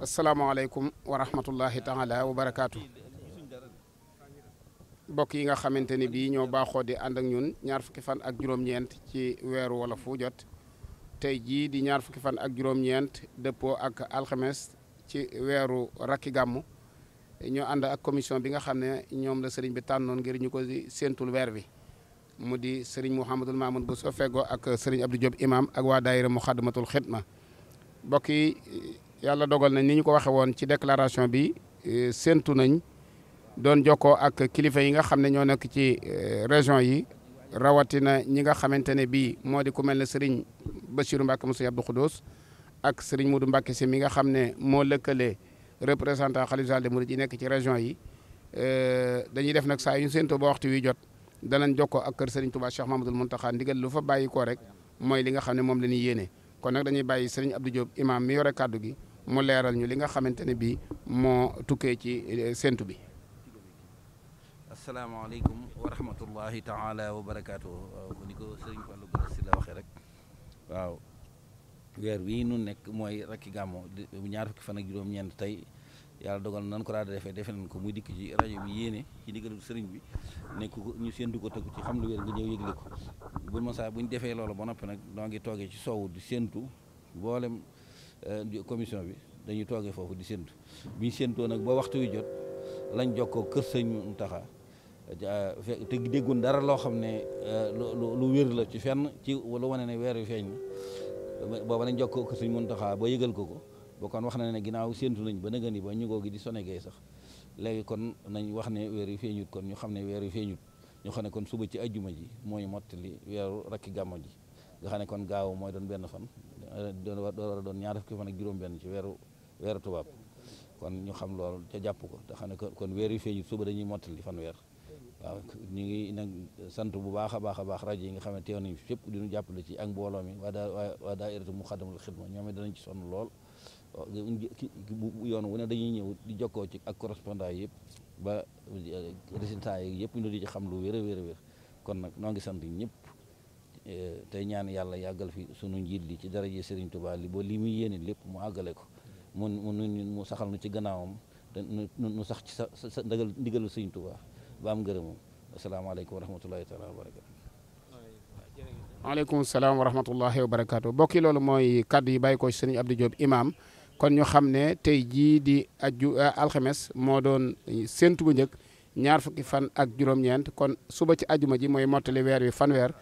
asalaamaaleykum wa rahmatullahi taala wa barakaatu yi nga xamante ni bii ñoo baaxoo di ànd ak ñun ñaar fukki fan ak juróom-ñeent ci weeru wala fu jot tey jii di ñaar fukki fan ak juróom-ñeent dëppoo ak alxames ci weeru rakki gàmmu ñoo ànd ak commission bi nga xam ne ñoom la sëriñ bi tànnoon ngir ñu ko séentul weer bi mu di sëriñ Mouhamadul Mamoun bu soo feggoo ak sëriñ Abdou Diop imam ak waa daayira Muxaddamatul Xidma mbokk yi yàlla dogal nañ ni ñu ko waxe woon ci déclaration bi e, séentu nañ doon jokkoo ak kilifa yi nga xam ne ñoo nekk ci e, région yi rawatina ñi nga xamante ne bii moo di ku mel ne Serigne Bassirou Mbacke Moussa Abdou Khoudoss ak Serigne Modou Mbacke si mi nga xam ne moo lëkkale représentant Khalife général des Mourides yi nekk ci région yi e, dañuy def nag saa yu ñu séentoo ba waxtu wi jot danañ jokkoo ak kër Serigne Touba Cheikh Mamadou Mountakha ndigal lu fa bàyyi koo rek mooy li nga xam ne moom la ñuy yéene kon nag dañuy bàyyi Serigne Abdou Diop imam mi yore kaddu gi mu leeral ñu li nga xamante ne bii moo tukkee ci eh, séntu bi. asalaamaaleykum wa rahmatullahi taala wa barakaatu bu ko sëriñ Fallou Galass la waxee rek waaw weer wii nu nekk mooy rakki gàmmoo gàmmo ñaar fukki fan ak juróom-ñeent tey. yàlla dogal nan ko raada defee defe nañ ko muy dikk ci rajo bi yéene ci ndigalul sëriñ bi nekk ñu séentu ko tegu ci xam lu wér nga ñëw yëgle ko bu ma saa bu ñu defee loolu ba noppi nag noo ngi toogee ci soowu di séentu boolem Euh, commission bi dañuy toogee foofu di séntu bi ñu séntoo nag ba waxtu wi jot lañ jokkoo kër sëñ Mountakha te déggoon dara loo xam ne euh, lu lu wér la ci fenn ci lu wane ne weer yu feeñ na booba lañ jokkoo kër sëñ Mountakha ba yëgal ko ko ba kon wax na ne ginnaaw séntu nañ ba nëgën yi ba ñu gi di sonegee sax léegi kon nañ wax ne weer wi feeñut kon ñu xam ne weer yu feeñut ñu xam ne kon suba ci ajjuma ji mooy mottali weeru rakki gàmmo ji nga xam ne kon gaaw mooy doon benn fan Eh, doon war doon ñaar fukki fan ak juróom-benn ci weeru tubaab kon ñu xam loolu ca jàpp ko te xam ne kon weer yu feeñu suba dañuy mottali fan weer waaw ñu ngi nag sant bu baax a baax a baax rajo yi nga xam ne teew nañu fi fépp diñu jàppale ci ak mbooloo mi waa daa waa daa iratu muxaddamatul xidma ñoom it danañ ci sonn lool yoon wu ne dañuy ñëw di jokkoo ci ak correspondant yi yëpp ba eh, résultat yi yëpp ñu di ci xam lu wér weer wér kon nag noo ngi sant ñëpp Eh, tey ñaan yàlla yàggal fi sunu njiit li ci dara Serigne Touba li ba li muy yéene lépp mu àggale ko mu mu mu saxal nu ci gannaawam mu sax ci sa sa ndigal ndigalu Serigne Touba ba am ngërëmam asalaamaaleykum wa rahmatullahi taala wa barakaatu. salaam wa rahmatullahi wa barakaatu bokki loolu mooy kaddu yi bàyyi ko ci Serigne Abdou kon ñu xam ne tey jii di aju eh, alxemes moo doon séntu bu njëkk ñaar fukki fan ak juróom-ñeent kon suba ci ajuma ji mooy mottali weer wi fanweer.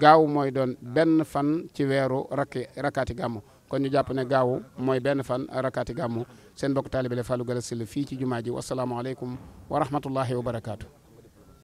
gaaw mooy doon benn fan ci weeru rakki rakkaati gàmmu kon ñu jàpp ne gaaw mooy benn fan rakkaati gàmmu seen bokk taalibe le Fallou Galass Syll fii ci jumaa ji wasalaamaaleykum wa rahmatullahi wa